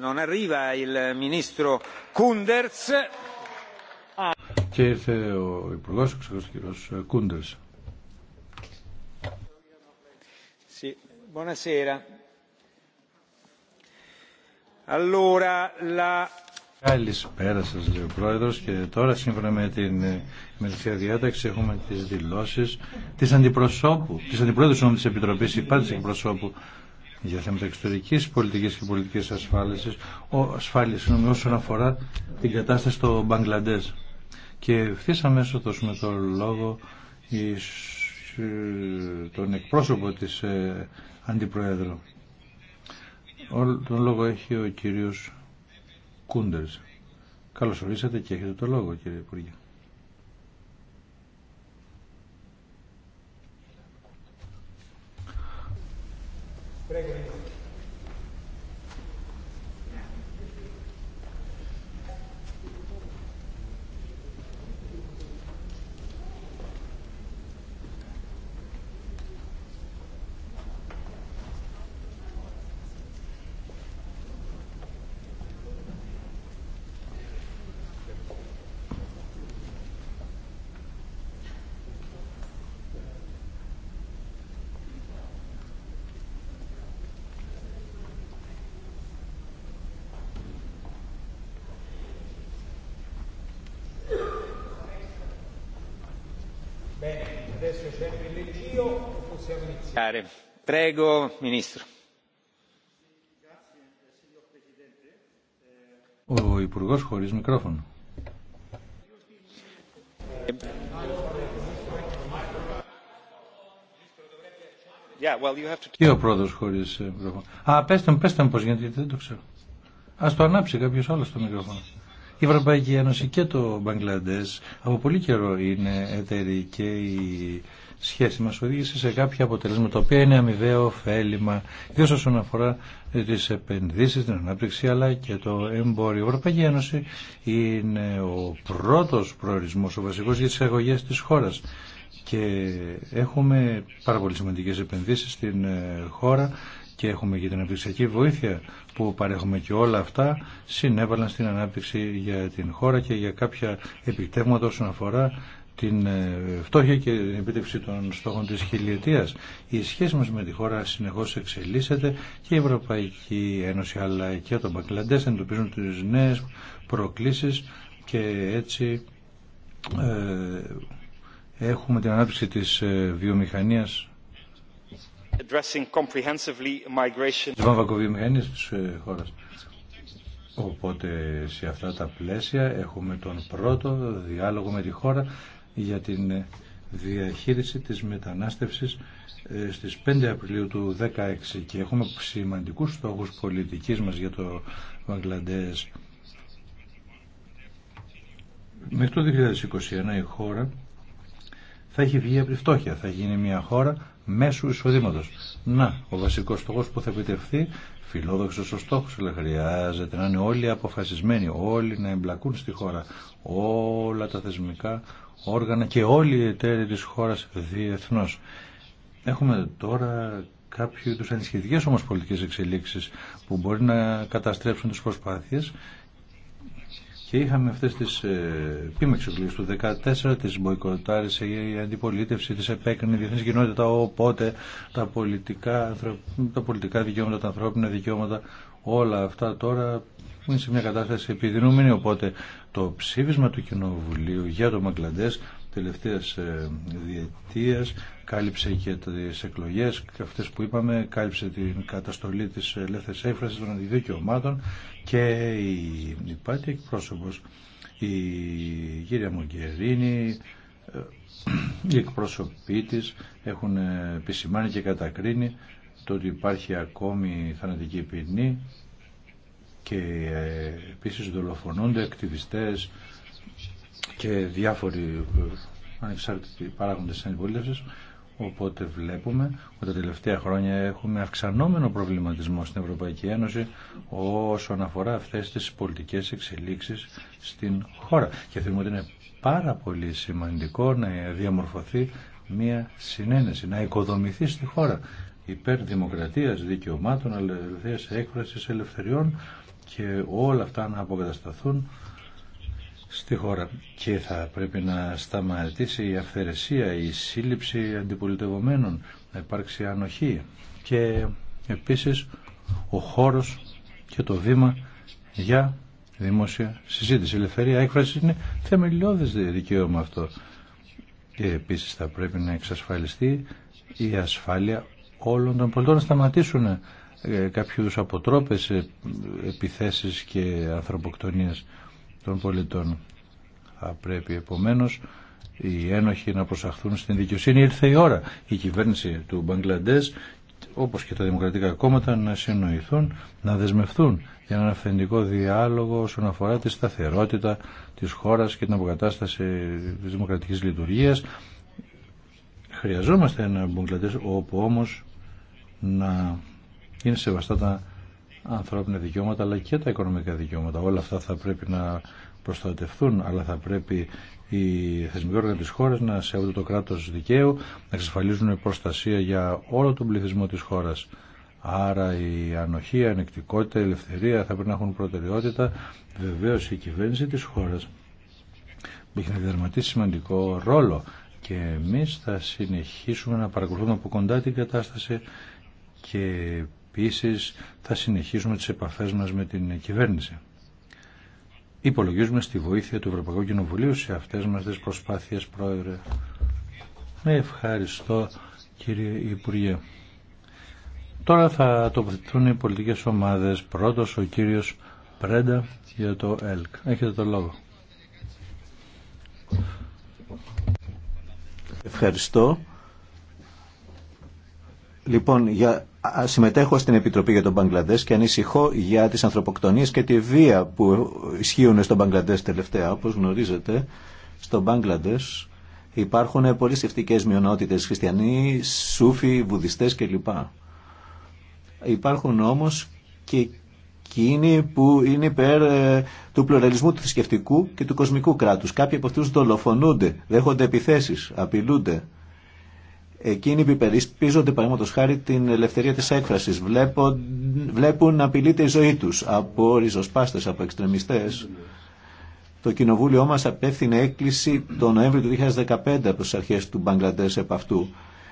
non arriva il ministro Kunders. Και ήρθε ο υπουργό, ο κ. Κούντερ. Sì, buonasera. Allora, la... Καλησπέρα σας, λέει ο Πρόεδρος, και τώρα σύμφωνα με την μελισσία διάταξη έχουμε τις δηλώσεις της αντιπροσώπου, της αντιπρόεδρου της Επιτροπής, υπάρτης εκπροσώπου για θέματα εξωτερική πολιτική και πολιτική ασφάλεια όσον αφορά την κατάσταση στο Μπαγκλαντέ. Και ευθύ αμέσω δώσουμε το λόγο εις, τον εκπρόσωπο της ε, Αντιπροέδρου. Τον λόγο έχει ο κύριος Κούντερς. Καλώς ορίσατε και έχετε το λόγο κύριε Υπουργέ. Πρέπει Ο Υπουργό χωρί μικρόφωνο. Και ο πρόεδρο χωρί ε, μικρόφωνο. Α, πέστε μου, πέστε μου πώ γίνεται, γιατί δεν το ξέρω. Α το ανάψει κάποιο άλλο το μικρόφωνο. Η Ευρωπαϊκή Ένωση και το Μπαγκλαντές από πολύ καιρό είναι εταίροι και η σχέση μας οδήγησε σε κάποια αποτελέσματα τα οποία είναι αμοιβαίο ωφέλιμα ιδίως όσον αφορά τις επενδύσεις, την ανάπτυξη αλλά και το εμπόριο. Η Ευρωπαϊκή Ένωση είναι ο πρώτος προορισμός, ο βασικός για τις αγωγές της χώρας και έχουμε πάρα πολύ σημαντικές επενδύσεις στην ε, χώρα και έχουμε και την αναπτυξιακή βοήθεια που παρέχουμε και όλα αυτά συνέβαλαν στην ανάπτυξη για την χώρα και για κάποια επιτεύγματα όσον αφορά την ε, φτώχεια και την επίτευξη των στόχων της χιλιετίας. Η σχέση μας με τη χώρα συνεχώς εξελίσσεται και η Ευρωπαϊκή Ένωση αλλά και το Μπαγκλαντές εντοπίζουν τις νέες προκλήσεις και έτσι ε, έχουμε την ανάπτυξη της ε, βιομηχανίας της τη ε, της χώρας. Οπότε σε αυτά τα πλαίσια έχουμε τον πρώτο διάλογο με τη χώρα για την ε, διαχείριση της μετανάστευσης ε, στις 5 Απριλίου του 2016 και έχουμε σημαντικούς στόχους πολιτικής μας για το Βαγκλαντές. Μέχρι το 2021 η χώρα θα έχει βγει από τη φτώχεια, θα γίνει μια χώρα μέσου εισοδήματο. Να, ο βασικό στόχο που θα επιτευχθεί, φιλόδοξος ο στόχος, αλλά χρειάζεται να είναι όλοι αποφασισμένοι, όλοι να εμπλακούν στη χώρα, όλα τα θεσμικά όργανα και όλοι οι εταίροι τη χώρα διεθνώ. Έχουμε τώρα κάποιου είδου ανισχυτικέ όμω πολιτικέ εξελίξει που μπορεί να καταστρέψουν τι προσπάθειε και είχαμε αυτές τις ε, πίμεξους του 14, τις μποϊκοτάρες, η αντιπολίτευση, τις επέκρινε η διεθνής κοινότητα, οπότε τα πολιτικά, τα πολιτικά δικαιώματα, τα ανθρώπινα δικαιώματα, όλα αυτά τώρα είναι σε μια κατάσταση επιδεινούμενη, οπότε το ψήφισμα του Κοινοβουλίου για το Μαγκλαντές τελευταίας ε, διετίας, κάλυψε και τις εκλογές, αυτές που είπαμε, κάλυψε την καταστολή της ελεύθερης έφρασης των δικαιωμάτων και η Πάτη εκπρόσωπος, η κυρία Μογκερίνη, οι ε, εκπρόσωποι της έχουν επισημάνει και κατακρίνει το ότι υπάρχει ακόμη θανατική ποινή και ε, επίσης δολοφονούνται ακτιβιστές και διάφοροι ε, ανεξάρτητοι παράγοντες αντιπολίτευσης οπότε βλέπουμε ότι τα τελευταία χρόνια έχουμε αυξανόμενο προβληματισμό στην Ευρωπαϊκή Ένωση όσον αφορά αυτές τις πολιτικές εξελίξεις στην χώρα και θεωρούμε ότι είναι πάρα πολύ σημαντικό να διαμορφωθεί μια συνένεση, να οικοδομηθεί στη χώρα υπέρ δημοκρατίας, δικαιωμάτων, ελευθερίας έκφρασης, ελευθεριών και όλα αυτά να αποκατασταθούν στη χώρα και θα πρέπει να σταματήσει η αυθαιρεσία, η σύλληψη αντιπολιτευομένων, να υπάρξει ανοχή και επίσης ο χώρος και το βήμα για δημόσια συζήτηση. Η ελευθερία έκφραση είναι θεμελιώδες δικαίωμα αυτό. Και επίσης θα πρέπει να εξασφαλιστεί η ασφάλεια όλων των πολιτών να σταματήσουν ε, κάποιους αποτρόπες ε, επιθέσεις και ανθρωποκτονίες των πολιτών. Θα πρέπει επομένως οι ένοχοι να προσαχθούν στην δικαιοσύνη. Ήρθε η ώρα η κυβέρνηση του Μπαγκλαντές όπως και τα δημοκρατικά κόμματα να συνοηθούν, να δεσμευθούν για έναν αυθεντικό διάλογο όσον αφορά τη σταθερότητα της χώρας και την αποκατάσταση της δημοκρατικής λειτουργίας. Χρειαζόμαστε ένα Μπαγκλαντές όπου όμως να είναι σεβαστά τα ανθρώπινα δικαιώματα αλλά και τα οικονομικά δικαιώματα. Όλα αυτά θα πρέπει να προστατευτούν, αλλά θα πρέπει οι θεσμικοί όργανοι της χώρας να σέβονται το κράτος δικαίου, να εξασφαλίζουν προστασία για όλο τον πληθυσμό της χώρας. Άρα η ανοχή, η ανεκτικότητα, η ελευθερία θα πρέπει να έχουν προτεραιότητα. Βεβαίω η κυβέρνηση της χώρας έχει να διδερματίσει σημαντικό ρόλο και εμείς θα συνεχίσουμε να παρακολουθούμε από κοντά την κατάσταση και Επίσης θα συνεχίσουμε τις επαφές μας με την κυβέρνηση. Υπολογίζουμε στη βοήθεια του Ευρωπαϊκού Κοινοβουλίου σε αυτές μας τις προσπάθειες, Πρόεδρε. Με ευχαριστώ, κύριε Υπουργέ. Τώρα θα τοποθετηθούν οι πολιτικές ομάδες. Πρώτος ο κύριος Πρέντα για το ΕΛΚ. Έχετε το λόγο. Ευχαριστώ. Λοιπόν, για, συμμετέχω στην Επιτροπή για τον Μπαγκλαντέ και ανησυχώ για τι ανθρωποκτονίε και τη βία που ισχύουν στον Μπαγκλαντέ τελευταία. όπω γνωρίζετε, στον Μπαγκλαντέ υπάρχουν πολύ σκεφτικές μειονότητες, χριστιανοί, σούφοι, βουδιστέ κλπ. Υπάρχουν όμω και εκείνοι που είναι υπέρ ε, του πλουραλισμού του θρησκευτικού και του κοσμικού κράτου. Κάποιοι από αυτού δολοφονούνται, δέχονται επιθέσει, απειλούνται. Εκείνοι που υπερισπίζονται, παραδείγματο χάρη, την ελευθερία τη έκφραση, βλέπουν να απειλείται η ζωή του από ριζοσπάστε, από εξτρεμιστέ. Το κοινοβούλιο μα απέφθινε έκκληση το Νοέμβριο του 2015 από τι αρχέ του Μπαγκλαντέ επ' αυτού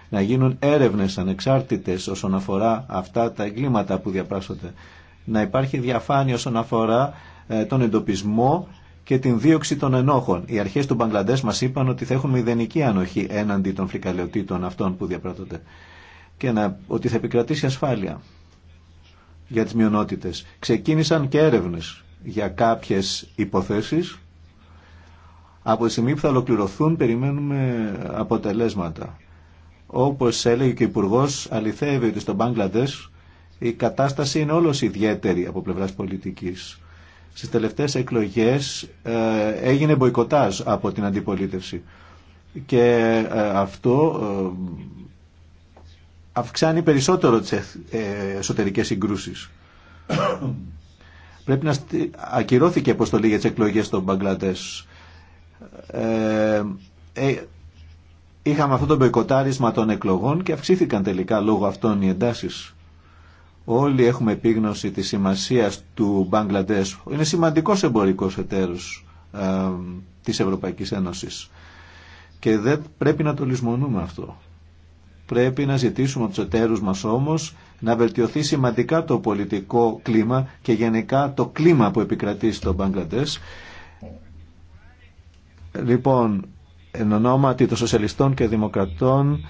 να γίνουν έρευνε ανεξάρτητε όσον αφορά αυτά τα εγκλήματα που διαπράσσονται. Να υπάρχει διαφάνεια όσον αφορά ε, τον εντοπισμό και την δίωξη των ενόχων. Οι αρχέ του Μπαγκλαντέ μα είπαν ότι θα έχουν μηδενική ανοχή έναντι των φρικαλαιοτήτων αυτών που διαπράττονται και να, ότι θα επικρατήσει ασφάλεια για τι μειονότητε. Ξεκίνησαν και έρευνε για κάποιε υποθέσει Από τη στιγμή που θα ολοκληρωθούν περιμένουμε αποτελέσματα. Όπω έλεγε και ο υπουργό, αληθεύει ότι στο Μπαγκλαντέ η κατάσταση είναι όλος ιδιαίτερη από πλευρά πολιτική. Στις τελευταίες εκλογές ε, έγινε μποϊκοτάζ από την αντιπολίτευση και ε, αυτό ε, αυξάνει περισσότερο τις εσωτερικές συγκρούσεις. Πρέπει να ακυρώθηκε η αποστολή για τις εκλογές των Μπαγκλατές. Ε, ε, είχαμε αυτό το μποϊκοτάρισμα των εκλογών και αυξήθηκαν τελικά λόγω αυτών οι εντάσεις. Όλοι έχουμε επίγνωση της σημασίας του Μπαγκλαντές. Είναι σημαντικός εμπορικός εταίρος ε, της Ευρωπαϊκής Ένωσης. Και δεν πρέπει να το λησμονούμε αυτό. Πρέπει να ζητήσουμε από τους εταίρους μας όμως να βελτιωθεί σημαντικά το πολιτικό κλίμα και γενικά το κλίμα που επικρατεί στο Μπαγκλαντές. Λοιπόν, εν ονόματι των Σοσιαλιστών και Δημοκρατών,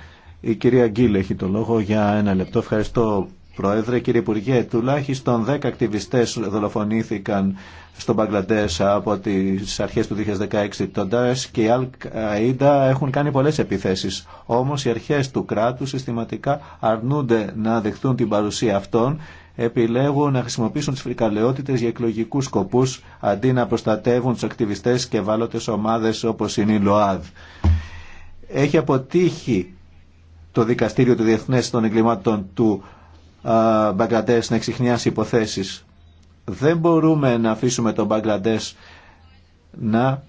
η κυρία Γκίλ έχει το λόγο για ένα λεπτό. Ευχαριστώ Πρόεδρε, κύριε Υπουργέ, τουλάχιστον 10 ακτιβιστές δολοφονήθηκαν στον Μπαγκλαντές από τις αρχές του 2016. Το Ντάες και η αλ έχουν κάνει πολλές επιθέσεις. Όμως οι αρχές του κράτου συστηματικά αρνούνται να δεχθούν την παρουσία αυτών επιλέγουν να χρησιμοποιήσουν τις φρικαλαιότητες για εκλογικούς σκοπούς αντί να προστατεύουν τους ακτιβιστές και βάλωτες ομάδες όπως είναι η ΛΟΑΔ. Έχει αποτύχει το Δικαστήριο του Διεθνέ των Εγκλημάτων του Μπαγκλαντές να εξηχνιάσει υποθέσεις. Δεν μπορούμε να αφήσουμε τον Μπαγκλαντές να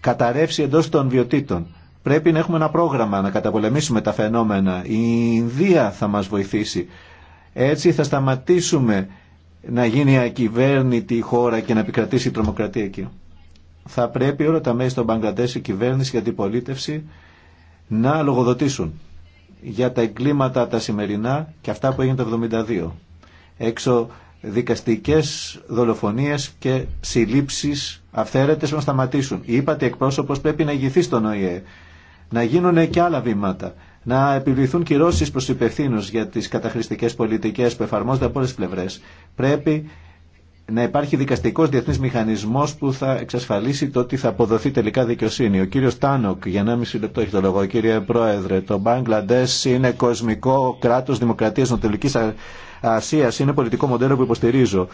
καταρρεύσει εντός των βιωτήτων. Πρέπει να έχουμε ένα πρόγραμμα να καταπολεμήσουμε τα φαινόμενα. Η Ινδία θα μας βοηθήσει. Έτσι θα σταματήσουμε να γίνει ακυβέρνητη η χώρα και να επικρατήσει η τρομοκρατία εκεί. Θα πρέπει όλα τα μέσα στον Μπαγκλαντές, η κυβέρνηση και η αντιπολίτευση να λογοδοτήσουν για τα εγκλήματα τα σημερινά και αυτά που έγινε το 1972. Έξω δικαστικές δολοφονίες και συλλήψεις αυθαίρετες να σταματήσουν. Η ύπατη εκπρόσωπος πρέπει να ηγηθεί στον ΟΗΕ, να γίνουν και άλλα βήματα, να επιβληθούν κυρώσεις προς υπευθύνους για τις καταχρηστικές πολιτικές που εφαρμόζονται από όλες τις πλευρές. Πρέπει να υπάρχει δικαστικός διεθνής μηχανισμός που θα εξασφαλίσει το ότι θα αποδοθεί τελικά δικαιοσύνη. Ο κύριος Τάνοκ, για 1,5 λεπτό έχει το λόγο, κύριε Πρόεδρε, το Μπαγκλαντές είναι κοσμικό κράτος δημοκρατίας νοτελικής Ασίας, είναι πολιτικό μοντέλο που υποστηρίζω.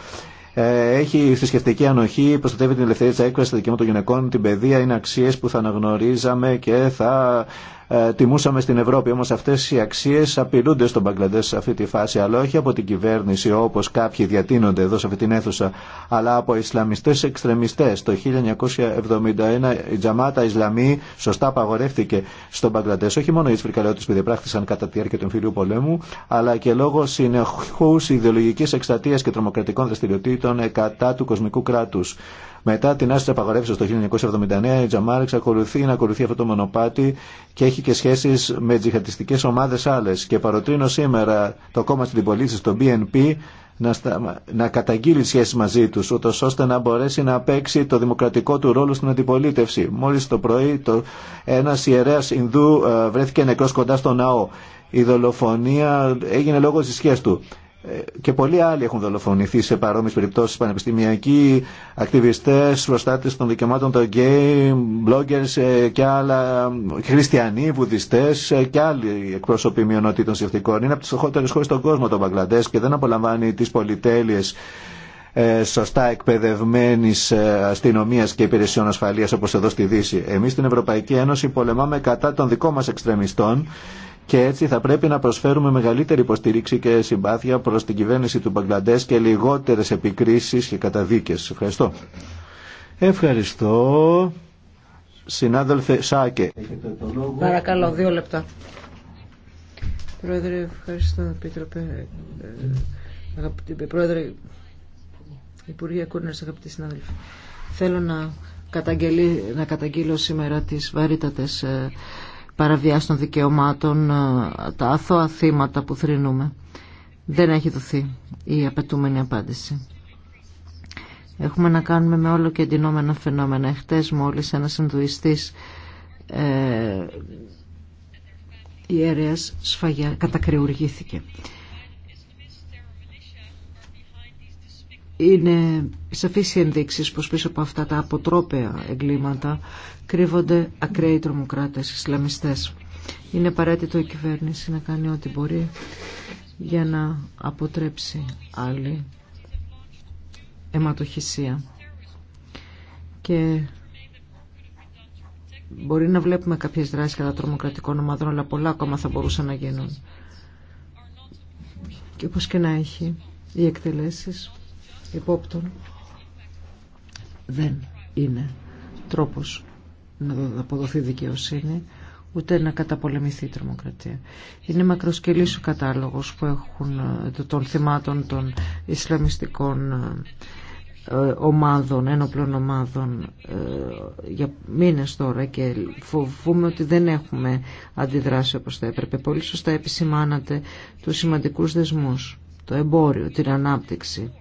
Ε, έχει θρησκευτική ανοχή, προστατεύει την ελευθερία τη έκφραση, τα δικαιώματα των γυναικών, την παιδεία, είναι αξίε που θα αναγνωρίζαμε και θα ε, τιμούσαμε στην Ευρώπη. όμω αυτέ οι αξίε απειλούνται στον Μπαγκλαντές σε αυτή τη φάση, αλλά όχι από την κυβέρνηση όπω κάποιοι διατείνονται εδώ σε αυτή την αίθουσα, αλλά από Ισλαμιστέ εξτρεμιστέ. Το 1971 η Τζαμάτα Ισλαμή σωστά απαγορεύτηκε στον Μπαγκλαντές, όχι μόνο οι Ισφρικαλαιότητε που διαπράχθησαν κατά τη διάρκεια του εμφυλίου πολέμου, αλλά και λόγω συνεχού ιδεολογική εκστατεία και τρομοκρατικών δραστηριοτήτων κατά του κοσμικού κράτου. Μετά την άσυλη απαγορεύσεω το 1979, η Τζαμάρ εξακολουθεί να ακολουθεί αυτό το μονοπάτι και έχει και σχέσει με τζιχατιστικέ ομάδε άλλε. Και παροτρύνω σήμερα το κόμμα στην πολίτηση, το BNP, να, στα... να καταγγείλει σχέσεις μαζί τους, ούτω ώστε να μπορέσει να παίξει το δημοκρατικό του ρόλο στην αντιπολίτευση. Μόλι το πρωί το, ένας ιερέας Ινδού ε, βρέθηκε νεκρό κοντά στο ναό. Η δολοφονία έγινε λόγω τη σχέση του και πολλοί άλλοι έχουν δολοφονηθεί σε παρόμοιε περιπτώσει, πανεπιστημιακοί, ακτιβιστέ, προστάτε των δικαιωμάτων των γκέι, bloggers ε, και άλλα, χριστιανοί, βουδιστέ, ε, και άλλοι εκπρόσωποι μειονότητων συστικών. Είναι από τι χώρε χώρες στον κόσμο το Μπαγκλαντέ και δεν απολαμβάνει τις πολυτέλειες ε, σωστά εκπαιδευμένη αστυνομία και υπηρεσιών ασφαλεία όπω εδώ στη Δύση. Εμεί στην Ευρωπαϊκή Ένωση πολεμάμε κατά των δικών μα εξτρεμιστών και έτσι θα πρέπει να προσφέρουμε μεγαλύτερη υποστήριξη και συμπάθεια προ την κυβέρνηση του Μπαγκλαντέ και λιγότερες επικρίσεις και καταδίκες. Ευχαριστώ. Ευχαριστώ. Συνάδελφε Σάκε. Παρακαλώ, δύο λεπτά. Πρόεδρε, ευχαριστώ, Επίτροπε. Αγαπητή Πρόεδρε, Υπουργέ Κούρνερς, αγαπητοί συνάδελφοι. Θέλω να, να καταγγείλω σήμερα τις βαρύτατες ε, παραβιάσει των δικαιωμάτων, ε, τα αθώα θύματα που θρυνούμε. Δεν έχει δοθεί η απαιτούμενη απάντηση. Έχουμε να κάνουμε με όλο και εντυνόμενα φαινόμενα. Εχθές μόλις ένας ενδουιστής ε, ιερέας σφαγιά κατακριουργήθηκε. είναι σαφείς οι ενδείξεις πως πίσω από αυτά τα αποτρόπαια εγκλήματα κρύβονται ακραίοι τρομοκράτες, Ισλαμιστές. Είναι απαραίτητο η κυβέρνηση να κάνει ό,τι μπορεί για να αποτρέψει άλλη αιματοχυσία. Και μπορεί να βλέπουμε κάποιες δράσεις κατά τρομοκρατικών ομάδων, αλλά πολλά ακόμα θα μπορούσαν να γίνουν. Και όπως και να έχει, οι εκτελέσεις υπόπτων δεν είναι τρόπος να αποδοθεί δικαιοσύνη ούτε να καταπολεμηθεί η τρομοκρατία. Είναι μακροσκελής ο κατάλογος που έχουν ε, των θυμάτων των Ισλαμιστικών ε, ομάδων, ένοπλων ομάδων ε, για μήνες τώρα και φοβούμε ότι δεν έχουμε αντιδράσει όπως θα έπρεπε. Πολύ σωστά επισημάνατε τους σημαντικούς δεσμούς, το εμπόριο, την ανάπτυξη,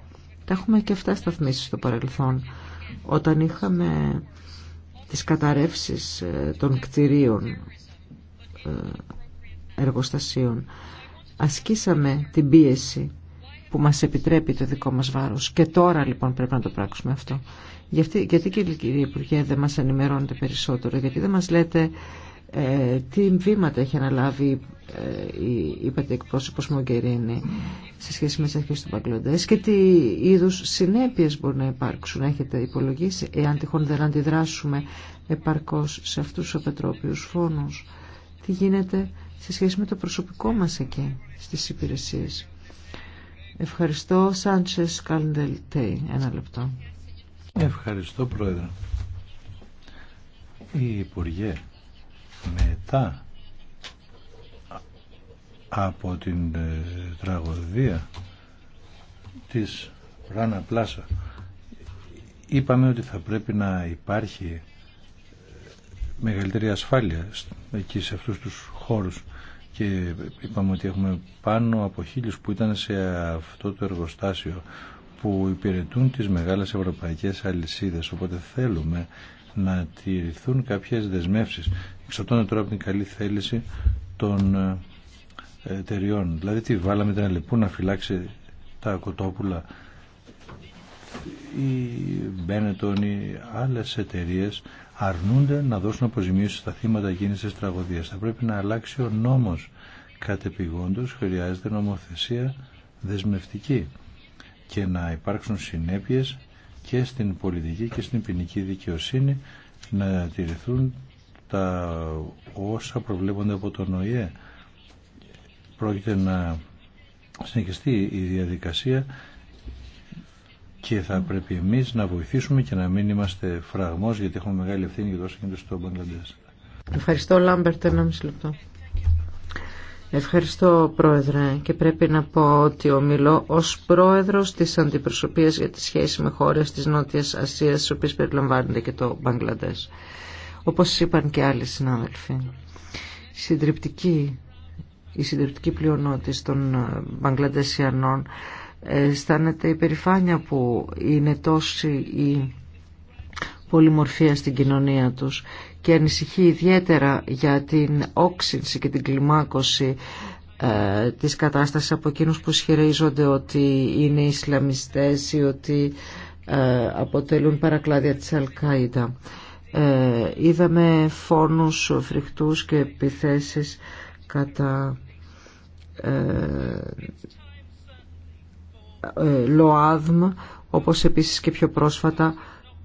έχουμε και αυτά σταθμίσει στο παρελθόν. Όταν είχαμε τις καταρρεύσεις ε, των κτηρίων ε, εργοστασίων, ασκήσαμε την πίεση που μας επιτρέπει το δικό μας βάρος. Και τώρα λοιπόν πρέπει να το πράξουμε αυτό. Γιατί, γιατί κύριε Υπουργέ δεν μας ενημερώνετε περισσότερο, γιατί δεν μας λέτε ε, τι βήματα έχει αναλάβει ε, η είπατε εκπρόσωπος Μογκερίνη σε σχέση με τις αρχές του παγκλοντές και τι είδους συνέπειες μπορεί να υπάρξουν έχετε υπολογίσει εάν τυχόν δεν αντιδράσουμε επαρκώς σε αυτούς τους απετρόπιους φόνους τι γίνεται σε σχέση με το προσωπικό μας εκεί στις υπηρεσίες Ευχαριστώ Σάντσες Καλντελ ένα λεπτό Ευχαριστώ Πρόεδρε η Υπουργέ μετά από την ε, τραγωδία της Ράνα Πλάσα είπαμε ότι θα πρέπει να υπάρχει ε, μεγαλύτερη ασφάλεια εκεί σε αυτούς τους χώρους και είπαμε ότι έχουμε πάνω από χίλιους που ήταν σε αυτό το εργοστάσιο που υπηρετούν τις μεγάλες ευρωπαϊκές αλυσίδες οπότε θέλουμε να τηρηθούν κάποιες δεσμεύσεις. εξαρτώνται τώρα από την καλή θέληση των ε, εταιριών. Δηλαδή τι βάλαμε την Αλεπού να φυλάξει τα κοτόπουλα η Μπένετον ή άλλες εταιρείε αρνούνται να δώσουν αποζημίωση στα θύματα εκείνης της τραγωδίας. Θα πρέπει να αλλάξει ο νόμος. Κατεπηγόντως χρειάζεται νομοθεσία δεσμευτική και να υπάρξουν συνέπειες και στην πολιτική και στην ποινική δικαιοσύνη να τηρηθούν τα όσα προβλέπονται από τον ΟΗΕ. Πρόκειται να συνεχιστεί η διαδικασία και θα πρέπει εμείς να βοηθήσουμε και να μην είμαστε φραγμός γιατί έχουμε μεγάλη ευθύνη για το όσο γίνεται στο Μπαγκλαντές. Ευχαριστώ Λάμπερτ, ένα μισή λεπτό. Ευχαριστώ Πρόεδρε και πρέπει να πω ότι ομιλώ ως Πρόεδρος της Αντιπροσωπείας για τη σχέση με χώρες της Νότιας Ασίας, στις οποίες περιλαμβάνεται και το Μπαγκλαντές. Όπως είπαν και άλλοι συνάδελφοι, συντριπτική, η συντριπτική πλειονότητα των ε, Μπαγκλαντεσιανών ε, αισθάνεται η περηφάνεια που είναι τόσοι οι πολυμορφία στην κοινωνία τους και ανησυχεί ιδιαίτερα για την όξυνση και την κλιμάκωση ε, της κατάστασης από εκείνους που ισχυρίζονται ότι είναι Ισλαμιστές ή ότι ε, αποτελούν παρακλάδια της Αλκάιδα. Ε, είδαμε φόνους φρικτούς και επιθέσεις κατά ε, ΛΟΑΔΜ όπως επίσης και πιο πρόσφατα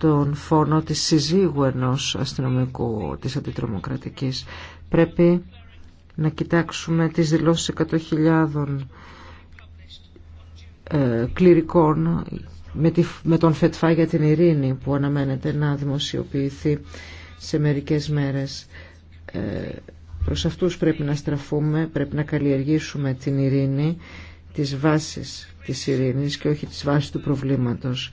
τον φόνο της συζύγου ενό αστυνομικού της αντιτρομοκρατικής. Πρέπει να κοιτάξουμε τις δηλώσεις 100.000 ε, κληρικών με, τη, με τον ΦΕΤΦΑ για την ειρήνη που αναμένεται να δημοσιοποιηθεί σε μερικές μέρες. Ε, προς αυτούς πρέπει να στραφούμε, πρέπει να καλλιεργήσουμε την ειρήνη, τις βάσεις της ειρήνης και όχι τις βάσεις του προβλήματος.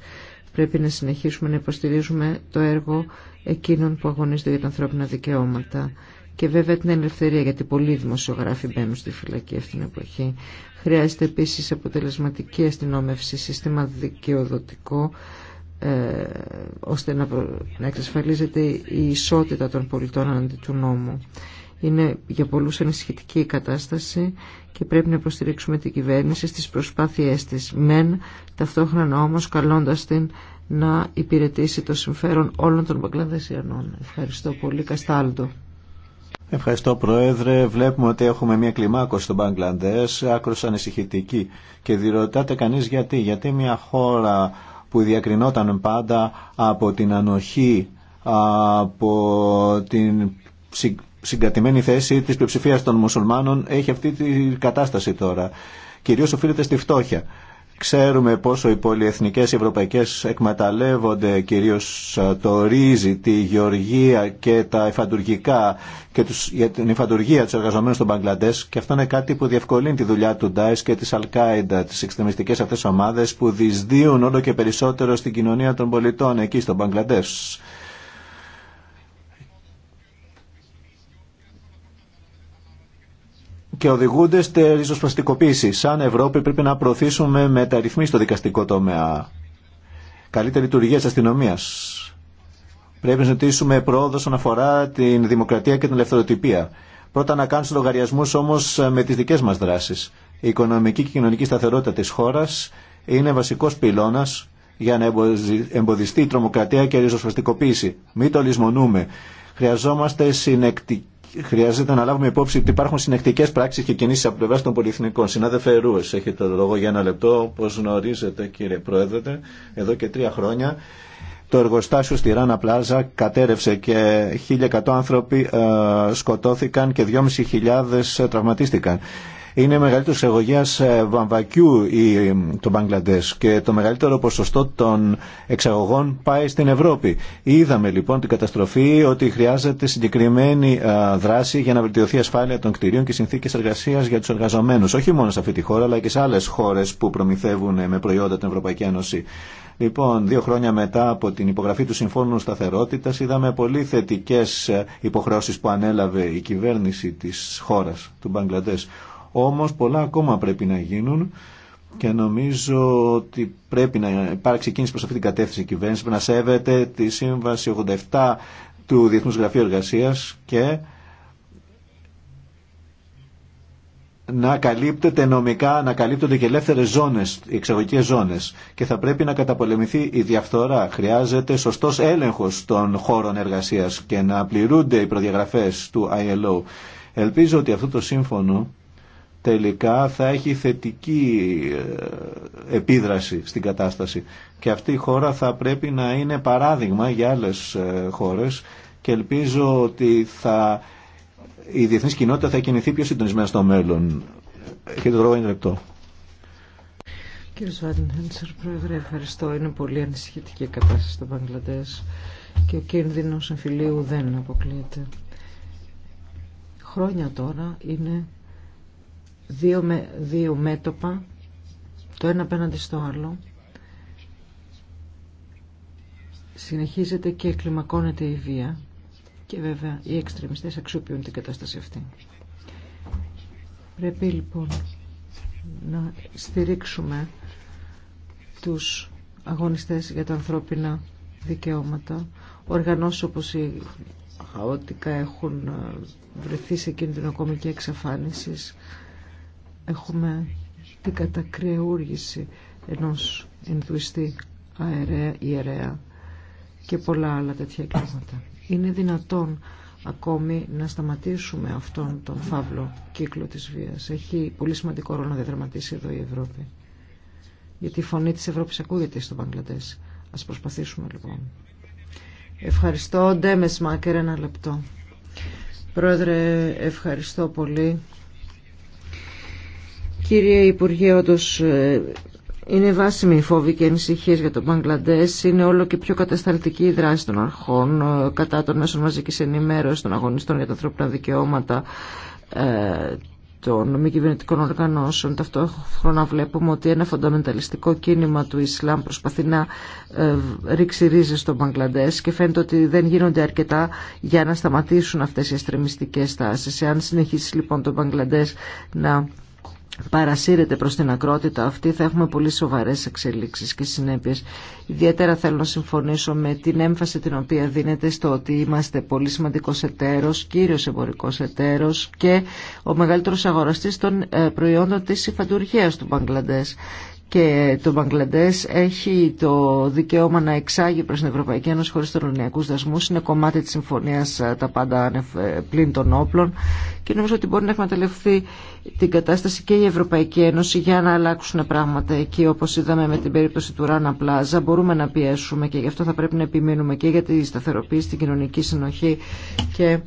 Πρέπει να συνεχίσουμε να υποστηρίζουμε το έργο εκείνων που αγωνίζονται για τα ανθρώπινα δικαιώματα και βέβαια την ελευθερία γιατί πολλοί δημοσιογράφοι μπαίνουν στη φυλακή αυτήν την εποχή. Χρειάζεται επίσης αποτελεσματική αστυνόμευση, σύστημα δικαιοδοτικό ε, ώστε να, να εξασφαλίζεται η ισότητα των πολιτών αντί του νόμου. Είναι για πολλούς ενισχυτική η κατάσταση και πρέπει να υποστηρίξουμε την κυβέρνηση στις προσπάθειές της. Μεν, ταυτόχρονα όμως καλώντας την να υπηρετήσει το συμφέρον όλων των Μπαγκλαδεσιανών. Ευχαριστώ πολύ. καστάλτο. Ευχαριστώ Πρόεδρε. Βλέπουμε ότι έχουμε μια κλιμάκωση στον Μπαγκλαντές, άκρως ανησυχητική. Και διρωτάτε κανείς γιατί. Γιατί μια χώρα που διακρινόταν πάντα από την ανοχή, από την συγκατημένη θέση της πλειοψηφία των μουσουλμάνων έχει αυτή τη κατάσταση τώρα. Κυρίως οφείλεται στη φτώχεια. Ξέρουμε πόσο οι πολυεθνικές οι ευρωπαϊκές εκμεταλλεύονται κυρίως το ρύζι, τη γεωργία και τα εφαντουργικά και τους, για την εφαντουργία του εργαζομένου των Μπαγκλαντές και αυτό είναι κάτι που διευκολύνει τη δουλειά του Ντάις και της Αλκάιντα, τις εξτρεμιστικές αυτές ομάδες που δυσδύουν όλο και περισσότερο στην κοινωνία των πολιτών εκεί στον Παγκλαντές. και οδηγούνται στη ριζοσπαστικοποίηση. Σαν Ευρώπη πρέπει να προωθήσουμε μεταρρυθμίσει στο δικαστικό τομέα. Καλύτερη λειτουργία τη αστυνομία. Πρέπει να ζητήσουμε πρόοδο όσον αφορά την δημοκρατία και την ελευθεροτυπία. Πρώτα να κάνουν λογαριασμού όμω με τι δικέ μα δράσει. Η οικονομική και κοινωνική σταθερότητα τη χώρα είναι βασικό πυλώνα για να εμποδιστεί η τρομοκρατία και η ριζοσπαστικοποίηση. Μην το λησμονούμε. Χρειαζόμαστε συνεκτική χρειάζεται να λάβουμε υπόψη ότι υπάρχουν συνεκτικέ πράξει και κινήσει από πλευρά των πολυεθνικών. Συνάδελφε Ρούε, έχετε το λόγο για ένα λεπτό. Όπω γνωρίζετε, κύριε Πρόεδρε, εδώ και τρία χρόνια το εργοστάσιο στη Ράνα Πλάζα κατέρευσε και 1.100 άνθρωποι ε, σκοτώθηκαν και 2.500 τραυματίστηκαν. Είναι μεγαλύτερο εγωγέα ε, βαμβακιού το Μπαγκλαντέ και το μεγαλύτερο ποσοστό των εξαγωγών πάει στην Ευρώπη. Είδαμε λοιπόν την καταστροφή ότι χρειάζεται συγκεκριμένη ε, δράση για να βελτιωθεί η ασφάλεια των κτηρίων και οι συνθήκε εργασία για του εργαζομένου. Όχι μόνο σε αυτή τη χώρα αλλά και σε άλλε χώρε που προμηθεύουν ε, με προϊόντα την Ευρωπαϊκή Ένωση. Λοιπόν, δύο χρόνια μετά από την υπογραφή του Συμφώνου Σταθερότητα, είδαμε πολύ θετικέ υποχρεώσει που ανέλαβε η κυβέρνηση τη χώρα, του Μπαγκλαντέ. Όμως πολλά ακόμα πρέπει να γίνουν και νομίζω ότι πρέπει να υπάρξει κίνηση προς αυτή την κατεύθυνση κυβέρνηση να σέβεται τη Σύμβαση 87 του Διεθνούς Γραφείου Εργασίας και να καλύπτεται νομικά, να καλύπτονται και ελεύθερες ζώνες, οι εξαγωγικές ζώνες και θα πρέπει να καταπολεμηθεί η διαφθορά. Χρειάζεται σωστός έλεγχος των χώρων εργασίας και να πληρούνται οι προδιαγραφές του ILO. Ελπίζω ότι αυτό το σύμφωνο τελικά θα έχει θετική ε, επίδραση στην κατάσταση. Και αυτή η χώρα θα πρέπει να είναι παράδειγμα για άλλες ε, χώρες και ελπίζω ότι θα, η διεθνής κοινότητα θα κινηθεί πιο συντονισμένα στο μέλλον. Έχετε το λεπτό. Κύριε Πρόεδρε, ευχαριστώ. Είναι πολύ ανησυχητική η κατάσταση στο Παγκλαντές και ο κίνδυνος εμφυλίου δεν αποκλείεται. Χρόνια τώρα είναι δύο, με, δύο μέτωπα, το ένα απέναντι στο άλλο. Συνεχίζεται και κλιμακώνεται η βία και βέβαια οι εξτρεμιστές αξιοποιούν την κατάσταση αυτή. Πρέπει λοιπόν να στηρίξουμε τους αγωνιστές για τα ανθρώπινα δικαιώματα, οργανώσεις όπως οι χαότικα έχουν ε, βρεθεί σε κίνδυνο ακόμη και εξαφάνισης, έχουμε την κατακρεούργηση ενός ενδουιστή αερέα, ιερέα και πολλά άλλα τέτοια κλίματα. Είναι δυνατόν ακόμη να σταματήσουμε αυτόν τον φαύλο κύκλο της βίας. Έχει πολύ σημαντικό ρόλο να διαδραματίσει εδώ η Ευρώπη. Γιατί η φωνή της Ευρώπης ακούγεται στο Μπαγκλαντές. Ας προσπαθήσουμε λοιπόν. Ευχαριστώ. Ντέμες Μάκερ, ένα λεπτό. Πρόεδρε, ευχαριστώ πολύ. Κύριε Υπουργέ, όντω ε, είναι βάσιμη η φόβη και ανησυχίε για το Μπαγκλαντέ. Είναι όλο και πιο κατασταλτική η δράση των αρχών ε, κατά των μέσων μαζικής ενημέρωση, των αγωνιστών για τα ανθρώπινα δικαιώματα, ε, των μη κυβερνητικών οργανώσεων. Ταυτόχρονα βλέπουμε ότι ένα φονταμενταλιστικό κίνημα του Ισλάμ προσπαθεί να ρίξει ρίζες στο Μπαγκλαντές και φαίνεται ότι δεν γίνονται αρκετά για να σταματήσουν αυτές οι αστρεμιστικές τάσεις. Εάν συνεχίσει λοιπόν το Μπαγκλαντές να παρασύρεται προς την ακρότητα αυτή θα έχουμε πολύ σοβαρές εξελίξεις και συνέπειες. Ιδιαίτερα θέλω να συμφωνήσω με την έμφαση την οποία δίνεται στο ότι είμαστε πολύ σημαντικός εταίρος, κύριος εμπορικός εταίρος και ο μεγαλύτερος αγοραστής των ε, προϊόντων της υφαντουργίας του Μπαγκλαντές και το Μπαγκλαντές έχει το δικαίωμα να εξάγει προς την Ευρωπαϊκή Ένωση χωρίς τελωνιακούς δασμούς. Είναι κομμάτι της συμφωνίας τα πάντα ε, πλήν των όπλων και νομίζω ότι μπορεί να εκμεταλλευτεί την κατάσταση και η Ευρωπαϊκή Ένωση για να αλλάξουν πράγματα εκεί όπως είδαμε με την περίπτωση του Ράνα Πλάζα. Μπορούμε να πιέσουμε και γι' αυτό θα πρέπει να επιμείνουμε και για τη σταθεροποίηση, την κοινωνική συνοχή και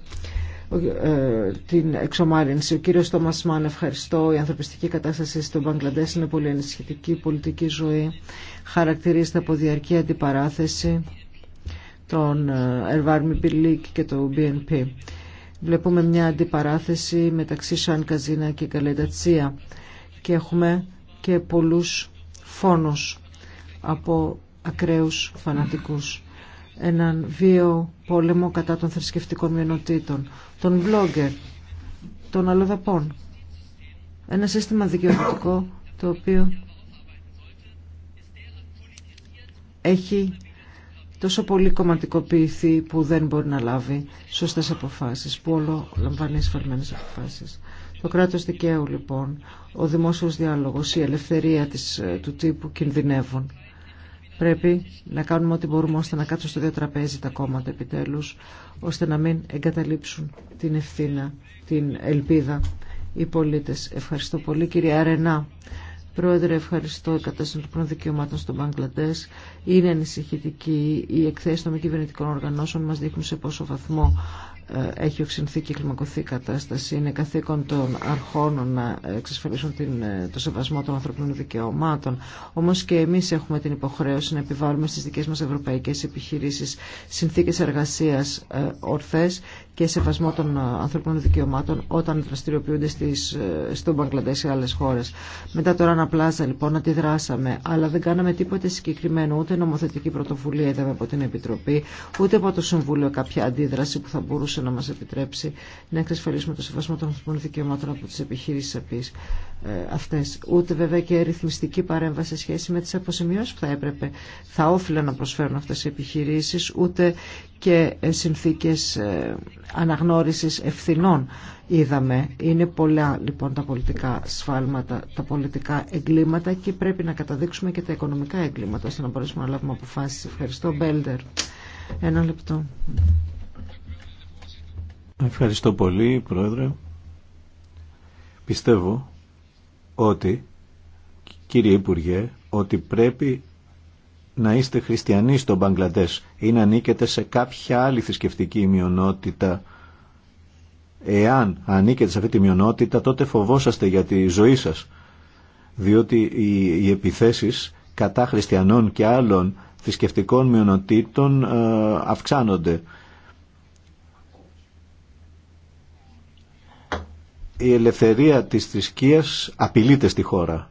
ε, την εξομάλυνση. Ο κύριος Τόμας Μάν, ευχαριστώ. Η ανθρωπιστική κατάσταση στο Μπαγκλαντές είναι πολύ ενισχυτική. Η πολιτική ζωή χαρακτηρίζεται από διαρκή αντιπαράθεση των Ερβάρμι Πιλίκ και του BNP. Βλέπουμε μια αντιπαράθεση μεταξύ Σαν Καζίνα και Καλεντατσία και έχουμε και πολλούς φόνους από ακραίους φανατικούς έναν βίο πόλεμο κατά των θρησκευτικών μειονοτήτων, των blogger, των αλλοδαπών. Ένα σύστημα δικαιωματικό το οποίο έχει τόσο πολύ κομματικοποιηθεί που δεν μπορεί να λάβει σωστές αποφάσεις, που όλο λαμβάνει εισφαλμένες αποφάσεις. Το κράτος δικαίου λοιπόν, ο δημόσιος διάλογος, η ελευθερία της, ε, του τύπου κινδυνεύουν πρέπει να κάνουμε ό,τι μπορούμε ώστε να κάτσουν στο δύο τραπέζι τα κόμματα επιτέλους, ώστε να μην εγκαταλείψουν την ευθύνα, την ελπίδα οι πολίτες. Ευχαριστώ πολύ κυρία Αρενά. Πρόεδρε, ευχαριστώ. Η κατάσταση των δικαιωμάτων στον Μπαγκλαντέ είναι ανησυχητική. Οι εκθέσει των μη κυβερνητικών οργανώσεων μα δείχνουν σε πόσο βαθμό ε, έχει οξυνθεί και κλιμακωθεί η κατάσταση. Είναι καθήκον των αρχών να εξασφαλίσουν την, ε, το σεβασμό των ανθρωπίνων δικαιωμάτων. Όμω και εμεί έχουμε την υποχρέωση να επιβάλλουμε στι δικέ μα ευρωπαϊκέ επιχειρήσει συνθήκε εργασία ε, ορθές και σεβασμό των ε, ανθρωπίνων δικαιωμάτων όταν δραστηριοποιούνται στις, ε, στο Μπαγκλαντές ή άλλε χώρε. Μετά το Ράνα Πλάζα λοιπόν αντιδράσαμε, αλλά δεν κάναμε τίποτε συγκεκριμένο, ούτε νομοθετική πρωτοβουλία είδαμε από την Επιτροπή, ούτε από το Συμβούλιο κάποια αντίδραση που θα μπορούσε να μα επιτρέψει να εξασφαλίσουμε το σεβασμό των ανθρωπίνων δικαιωμάτων από τις επιχειρήσεις ε, αυτέ. Ούτε βέβαια και ρυθμιστική παρέμβαση σε σχέση με τι αποσημειώσει που θα έπρεπε, θα όφιλε να προσφέρουν αυτέ οι επιχειρήσει ούτε και ε, συνθήκες ε, αναγνώρισης ευθυνών είδαμε. Είναι πολλά λοιπόν τα πολιτικά σφάλματα, τα πολιτικά εγκλήματα και πρέπει να καταδείξουμε και τα οικονομικά εγκλήματα ώστε να μπορέσουμε να λάβουμε αποφάσεις. Ευχαριστώ Μπέλντερ. Ένα λεπτό. Ευχαριστώ πολύ Πρόεδρε. Πιστεύω ότι κύριε Υπουργέ ότι πρέπει να είστε χριστιανοί στο Μπαγκλαντές ή να ανήκετε σε κάποια άλλη θρησκευτική μειονότητα. Εάν ανήκετε σε αυτή τη μειονότητα τότε φοβόσαστε για τη ζωή σας διότι οι επιθέσεις κατά χριστιανών και άλλων θρησκευτικών μειονοτήτων ε, αυξάνονται. Η ελευθερία της θρησκείας απειλείται στη χώρα.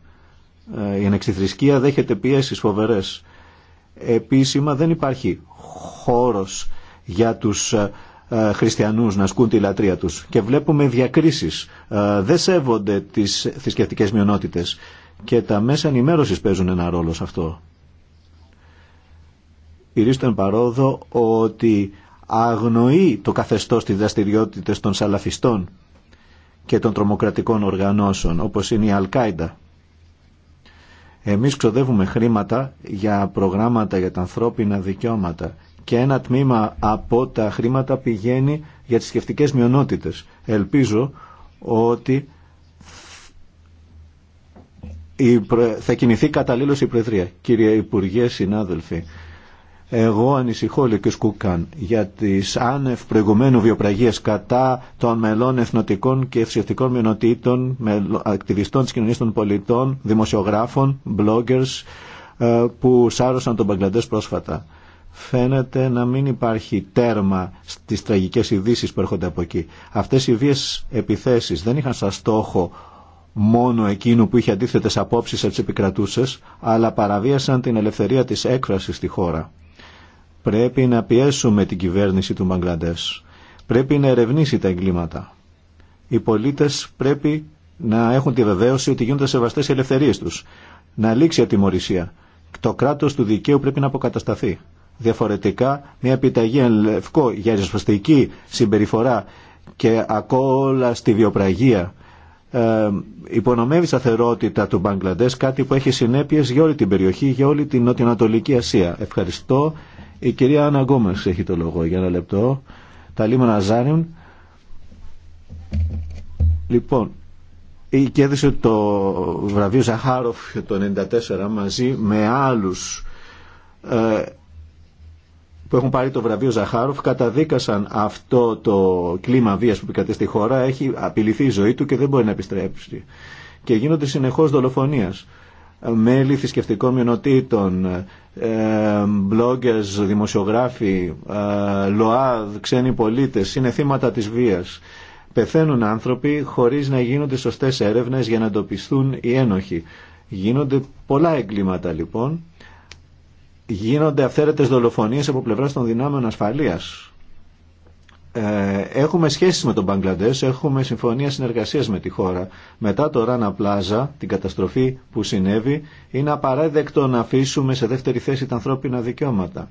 Ε, η ανεξιθρησκεία δέχεται πιέσεις φοβερές επίσημα δεν υπάρχει χώρος για τους ε, χριστιανούς να ασκούν τη λατρεία τους και βλέπουμε διακρίσεις ε, δεν σέβονται τις θρησκευτικές μειονότητες και τα μέσα ενημέρωσης παίζουν ένα ρόλο σε αυτό Ηρίστον παρόδο ότι αγνοεί το καθεστώς της δραστηριότητα των σαλαφιστών και των τρομοκρατικών οργανώσεων όπως είναι η Αλκάιντα εμείς ξοδεύουμε χρήματα για προγράμματα για τα ανθρώπινα δικαιώματα και ένα τμήμα από τα χρήματα πηγαίνει για τις σκεφτικές μειονότητες. Ελπίζω ότι θα κινηθεί καταλήλως η Προεδρία. Κύριε Υπουργέ, συνάδελφοι, εγώ ανησυχώ, λέει Σκουκάν, για τις άνευ προηγουμένου βιοπραγίε κατά των μελών εθνοτικών και θρησκευτικών μειονοτήτων, ακτιβιστών της κοινωνίας των πολιτών, δημοσιογράφων, bloggers ε, που σάρωσαν τον Παγκλαντές πρόσφατα. Φαίνεται να μην υπάρχει τέρμα στις τραγικές ειδήσει που έρχονται από εκεί. Αυτές οι βίες επιθέσεις δεν είχαν σαν στόχο μόνο εκείνου που είχε αντίθετες απόψεις από τις επικρατούσες, αλλά παραβίασαν την ελευθερία της έκφρασης στη χώρα. Πρέπει να πιέσουμε την κυβέρνηση του Μπαγκλαντές. Πρέπει να ερευνήσει τα εγκλήματα. Οι πολίτες πρέπει να έχουν τη βεβαίωση ότι γίνονται σεβαστές οι ελευθερίες τους. Να λήξει η ατιμορρησία. Το κράτος του δικαίου πρέπει να αποκατασταθεί. Διαφορετικά, μια επιταγή εν λευκό για ριζοσπαστική συμπεριφορά και ακόλα στη βιοπραγία ε, υπονομεύει σταθερότητα του Μπαγκλαντές, κάτι που έχει συνέπειες για όλη την περιοχή, για όλη την Νοτιοανατολική Ασία. Ευχαριστώ. Η κυρία Άννα Γκόμες έχει το λόγο για ένα λεπτό. Τα λίμωνα Ζάριον. Λοιπόν, η κέρδισε το βραβείο Ζαχάροφ το 1994 μαζί με άλλους ε, που έχουν πάρει το βραβείο Ζαχάροφ καταδίκασαν αυτό το κλίμα βίας που επικρατεί στη χώρα έχει απειληθεί η ζωή του και δεν μπορεί να επιστρέψει και γίνονται συνεχώς δολοφονίες μέλη θρησκευτικών μειονοτήτων, ε, bloggers, δημοσιογράφοι, ε, ΛΟΑΔ, ξένοι πολίτες, είναι θύματα της βίας. Πεθαίνουν άνθρωποι χωρίς να γίνονται σωστές έρευνες για να εντοπιστούν οι ένοχοι. Γίνονται πολλά εγκλήματα λοιπόν. Γίνονται αυθαίρετες δολοφονίες από πλευράς των δυνάμεων ασφαλείας ε, έχουμε σχέσεις με τον Μπαγκλαντές, έχουμε συμφωνία συνεργασίας με τη χώρα. Μετά το Ράνα Πλάζα, την καταστροφή που συνέβη, είναι απαραίτητο να αφήσουμε σε δεύτερη θέση τα ανθρώπινα δικαιώματα.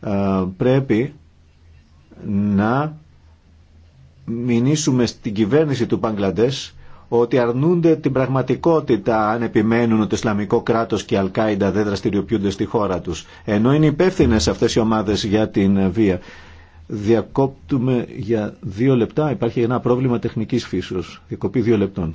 Ε, πρέπει να μηνύσουμε στην κυβέρνηση του Μπαγκλαντές ότι αρνούνται την πραγματικότητα αν επιμένουν ότι το Ισλαμικό κράτο και η Αλκάιντα δεν δραστηριοποιούνται στη χώρα του, Ενώ είναι υπεύθυνε αυτέ οι ομάδε για την βία Διακόπτουμε για δύο λεπτά. Υπάρχει ένα πρόβλημα τεχνικής φύσεως. Διακοπή δύο λεπτών.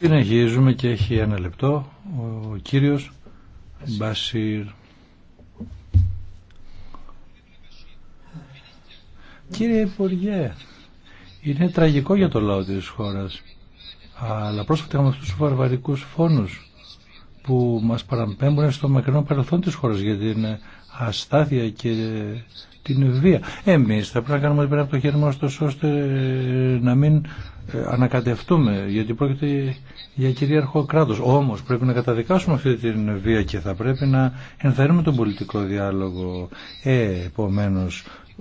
Συνεχίζουμε και έχει ένα λεπτό ο κύριος Μπασίρ. Κύριε Υπουργέ, είναι τραγικό για το λαό της χώρας, αλλά πρόσφατα είχαμε αυτούς τους βαρβαρικούς φόνους που μας παραπέμπουν στο μακρινό παρελθόν της χώρας για την αστάθεια και την βία. Εμείς θα πρέπει να κάνουμε πέρα από το χέρι μα, ώστε ε, να μην ε, ανακατευτούμε γιατί πρόκειται για κυρίαρχο κράτος. Όμως πρέπει να καταδικάσουμε αυτή την βία και θα πρέπει να ενθαρρύνουμε τον πολιτικό διάλογο. Ε,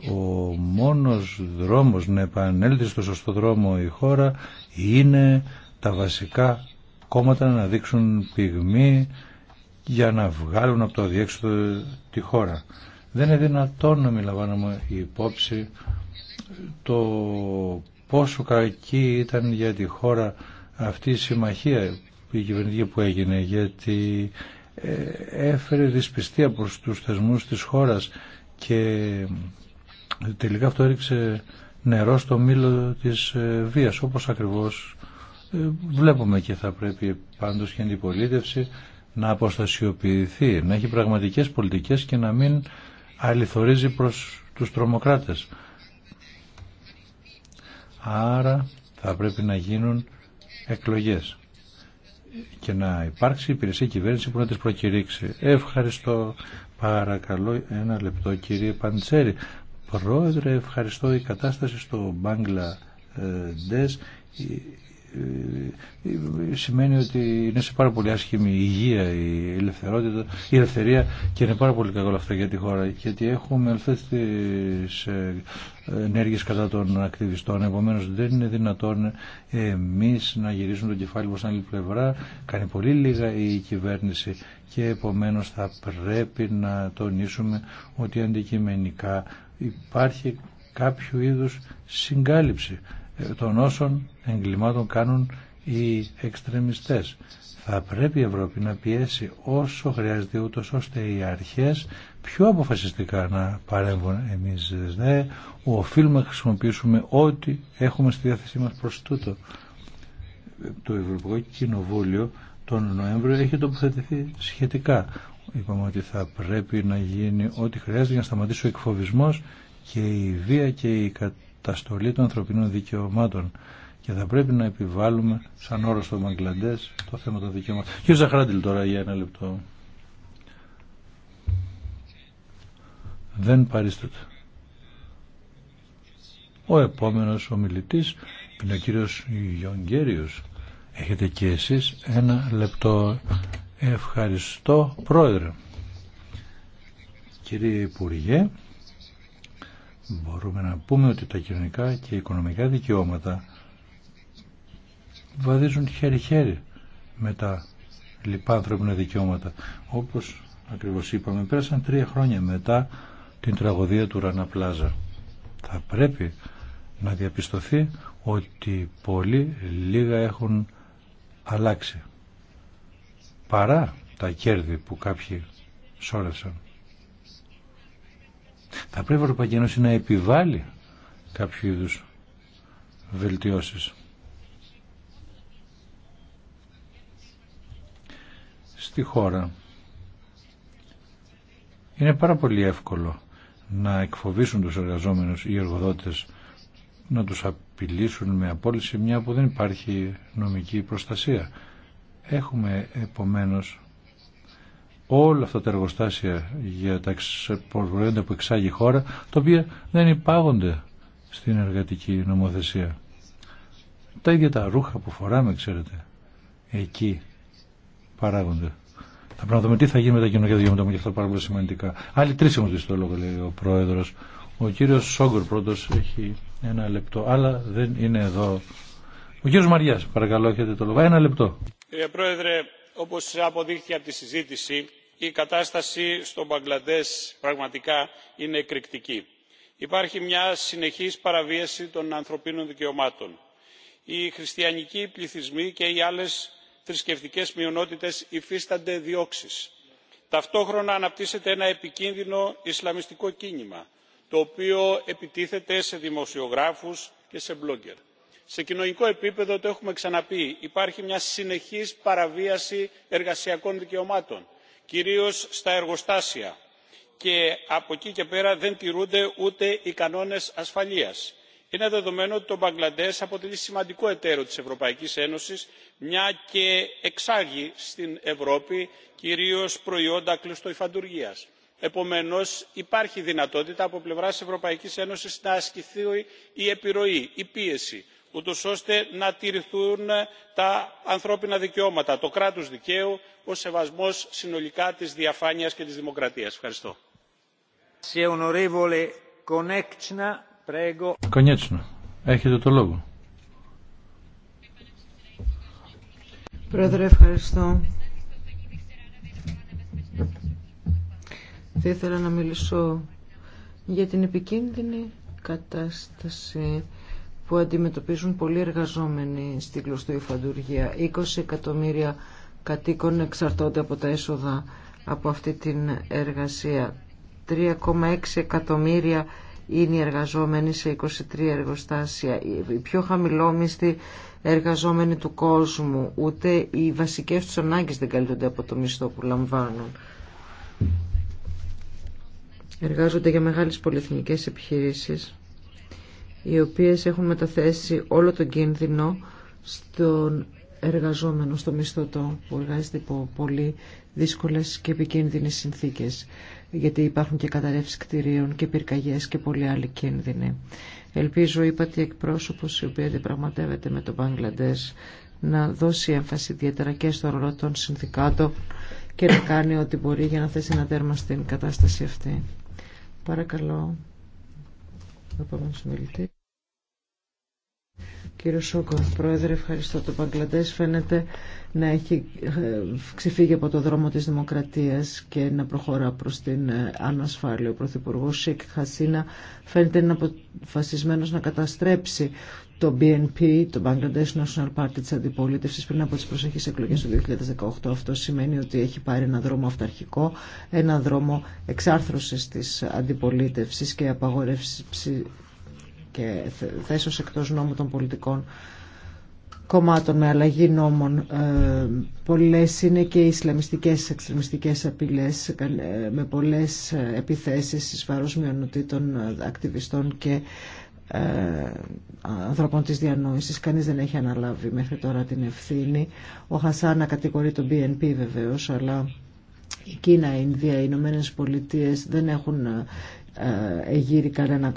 ο μόνος δρόμος να επανέλθει στο σωστό δρόμο η χώρα είναι τα βασικά κόμματα να δείξουν πυγμή για να βγάλουν από το διέξοδο τη χώρα. Δεν είναι δυνατόν να μην λαμβάνουμε υπόψη το πόσο κακή ήταν για τη χώρα αυτή η συμμαχία η κυβερνητική που έγινε γιατί ε, έφερε δυσπιστία προς τους θεσμούς της χώρας και τελικά αυτό έριξε νερό στο μήλο της ε, βίας όπως ακριβώς ε, βλέπουμε και θα πρέπει πάντως και η αντιπολίτευση να αποστασιοποιηθεί, να έχει πραγματικές πολιτικές και να μην αληθορίζει προς τους τρομοκράτες. Άρα θα πρέπει να γίνουν εκλογές και να υπάρξει υπηρεσία κυβέρνηση που να τις προκηρύξει. Ευχαριστώ. Παρακαλώ ένα λεπτό κύριε Παντσέρη. Πρόεδρε, ευχαριστώ. Η κατάσταση στο Μπάνγκλα Ντες ε, σημαίνει ότι είναι σε πάρα πολύ άσχημη η υγεία, η ελευθερότητα, η ελευθερία και είναι πάρα πολύ κακό αυτό για τη χώρα. Γιατί έχουμε αυτέ τι ε, ενέργειε κατά των ακτιβιστών. Επομένω, δεν είναι δυνατόν εμεί να γυρίσουμε το κεφάλι προ την άλλη πλευρά. Κάνει πολύ λίγα η κυβέρνηση και επομένω θα πρέπει να τονίσουμε ότι αντικειμενικά υπάρχει κάποιο είδους συγκάλυψη των όσων εγκλημάτων κάνουν οι εξτρεμιστές. Θα πρέπει η Ευρώπη να πιέσει όσο χρειάζεται ούτως ώστε οι αρχές πιο αποφασιστικά να παρέμβουν εμείς δε ναι, οφείλουμε να χρησιμοποιήσουμε ό,τι έχουμε στη διάθεσή μας προς τούτο. Το Ευρωπαϊκό Κοινοβούλιο τον Νοέμβριο έχει τοποθετηθεί σχετικά. Είπαμε ότι θα πρέπει να γίνει ό,τι χρειάζεται για να σταματήσει ο εκφοβισμός και η βία και η κατάσταση τα στολή των ανθρωπινών δικαιωμάτων και θα πρέπει να επιβάλλουμε σαν όρο στο Μαγκλαντές το θέμα των δικαιωμάτων. Κύριε Ζαχράντιλ τώρα για ένα λεπτό. Δεν παρίσταται. Ο επόμενος ομιλητής είναι ο κύριος Γιονγκέριος. Έχετε και εσείς ένα λεπτό. Ευχαριστώ πρόεδρε. Κύριε Υπουργέ, μπορούμε να πούμε ότι τα κοινωνικά και οικονομικά δικαιώματα βαδίζουν χέρι-χέρι με τα λοιπά δικαιώματα. Όπως ακριβώς είπαμε, πέρασαν τρία χρόνια μετά την τραγωδία του Ραναπλάζα. Θα πρέπει να διαπιστωθεί ότι πολύ λίγα έχουν αλλάξει παρά τα κέρδη που κάποιοι σώρευσαν. Θα πρέπει η Ευρωπαϊκή Ένωση να επιβάλλει κάποιο είδου βελτιώσεις. Στη χώρα είναι πάρα πολύ εύκολο να εκφοβήσουν τους εργαζόμενους ή εργοδότες να τους απειλήσουν με απόλυση μια που δεν υπάρχει νομική προστασία. Έχουμε επομένως όλα αυτά τα εργοστάσια για τα προϊόντα που εξάγει η χώρα, τα οποία δεν υπάγονται στην εργατική νομοθεσία. Τα ίδια τα ρούχα που φοράμε, ξέρετε, εκεί παράγονται. Θα πρέπει να δούμε τι θα γίνει με τα κοινωνικά δικαιώματα μου και είναι πάρα πολύ σημαντικά. Άλλοι τρει έχουν ζητήσει το λόγο, λέει ο πρόεδρο. Ο κύριο Σόγκορ πρώτο έχει ένα λεπτό, αλλά δεν είναι εδώ. Ο κύριο Μαριά, παρακαλώ, έχετε το λόγο. Ένα λεπτό. Κύριε Πρόεδρε, όπω αποδείχθηκε από τη συζήτηση, η κατάσταση στο μπαγκλαντές πραγματικά είναι εκρηκτική. υπάρχει μια συνεχής παραβίαση των ανθρωπίνων δικαιωμάτων. οι χριστιανικοί πληθυσμοί και οι άλλες θρησκευτικές μειονότητες υφίστανται διώξεις. ταυτόχρονα αναπτύσσεται ένα επικίνδυνο ισλαμιστικό κίνημα το οποίο επιτίθεται σε δημοσιογράφους και σε μπλόγκερ. σε κοινωνικό επίπεδο το έχουμε ξαναπεί υπάρχει μια συνεχής παραβίαση εργασιακών δικαιωμάτων κυρίως στα εργοστάσια και από εκεί και πέρα δεν τηρούνται ούτε οι κανόνες ασφαλείας. είναι δεδομένο ότι το μπαγκλαντές αποτελεί σημαντικό εταίρο της ευρωπαϊκής ένωσης μια και εξάγει στην ευρώπη κυρίως προϊόντα κλωστοϊφαντουργίας. επομένως υπάρχει δυνατότητα από πλευράς ευρωπαϊκής ένωσης να ασκηθεί η επιρροή η πίεση ούτως ώστε να τηρηθούν τα ανθρώπινα δικαιώματα το κράτος δικαίου ο σεβασμός συνολικά της διαφάνειας και της δημοκρατίας. Ευχαριστώ. Κονέτσνα, έχετε το λόγο. Πρόεδρε, ευχαριστώ. Θα ήθελα να μιλήσω για την επικίνδυνη κατάσταση που αντιμετωπίζουν πολλοί εργαζόμενοι στη κλωστοϊφαντουργία. 20 εκατομμύρια κατοίκων εξαρτώνται από τα έσοδα από αυτή την εργασία. 3,6 εκατομμύρια είναι οι εργαζόμενοι σε 23 εργοστάσια. Οι πιο χαμηλόμιστοι εργαζόμενοι του κόσμου, ούτε οι βασικές τους ανάγκες δεν καλύπτονται από το μισθό που λαμβάνουν. Εργάζονται για μεγάλες πολυεθνικές επιχειρήσεις οι οποίες έχουν μεταθέσει όλο τον κίνδυνο στον εργαζόμενο, στο μισθωτό που εργάζεται υπό πολύ δύσκολες και επικίνδυνες συνθήκες γιατί υπάρχουν και καταρρεύσεις κτηρίων και πυρκαγιές και πολλοί άλλοι κίνδυνοι. Ελπίζω, είπατε, εκπρόσωπος η οποία διαπραγματεύεται με τον Μπαγκλαντές να δώσει έμφαση ιδιαίτερα και στο ρόλο των συνδικάτων και να κάνει ό,τι μπορεί για να θέσει ένα τέρμα στην κατάσταση αυτή. Παρακαλώ επόμενο Σόκο, Κύριο Πρόεδρε, ευχαριστώ. Το Παγκλαντές φαίνεται να έχει ε, ξεφύγει από το δρόμο της δημοκρατίας και να προχωρά προς την ε, ανασφάλεια. Ο Πρωθυπουργός Σίκ Χασίνα φαίνεται να αποφασισμένος να καταστρέψει το BNP, το Bangladesh National Party της Αντιπολίτευσης πριν από τις προσεχείς εκλογές του 2018. Αυτό σημαίνει ότι έχει πάρει ένα δρόμο αυταρχικό, ένα δρόμο εξάρθρωσης της αντιπολίτευσης και απαγόρευση και θέσεως εκτός νόμου των πολιτικών κομμάτων με αλλαγή νόμων. Ε, πολλές είναι και οι ισλαμιστικές, εξτρεμιστικές απειλές ε, με πολλές ε, επιθέσεις εις βάρος μειονοτήτων, ε, ακτιβιστών και ε, ανθρώπων της διανόησης. Κανείς δεν έχει αναλάβει μέχρι τώρα την ευθύνη. Ο Χασάνα κατηγορεί τον BNP βεβαίως, αλλά η Κίνα, η Ινδία, οι Ηνωμένε Πολιτείε δεν έχουν ε, ε, εγείρει κανένα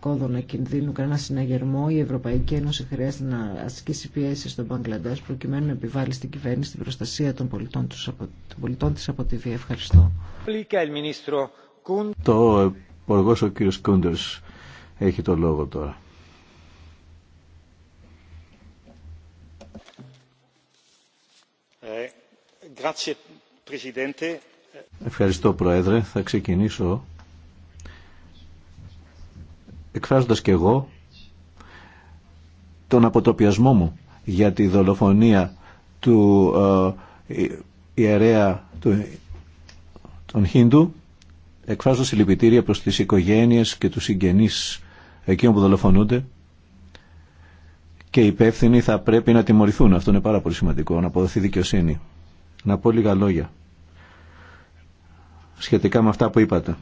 κόδωνα κινδύνου, κανένα συναγερμό. Η Ευρωπαϊκή Ένωση χρειάζεται να ασκήσει πιέσει στον Παγκλαντέ προκειμένου να επιβάλλει στην κυβέρνηση την προστασία των πολιτών, τους, των πολιτών της από τη βία. Ευχαριστώ. Το υπουργό ο Κούντερς έχει το λόγο τώρα. Ε, Ευχαριστώ Πρόεδρε. Θα ξεκινήσω εκφράζοντας και εγώ τον αποτοπιασμό μου για τη δολοφονία του ε, ιερέα του, των Χίντου εκφράζω συλληπιτήρια προς τις οικογένειες και τους συγγενείς εκείνων που δολοφονούνται και οι υπεύθυνοι θα πρέπει να τιμωρηθούν. Αυτό είναι πάρα πολύ σημαντικό, να αποδοθεί δικαιοσύνη. Να πω λίγα λόγια σχετικά με αυτά που είπατε.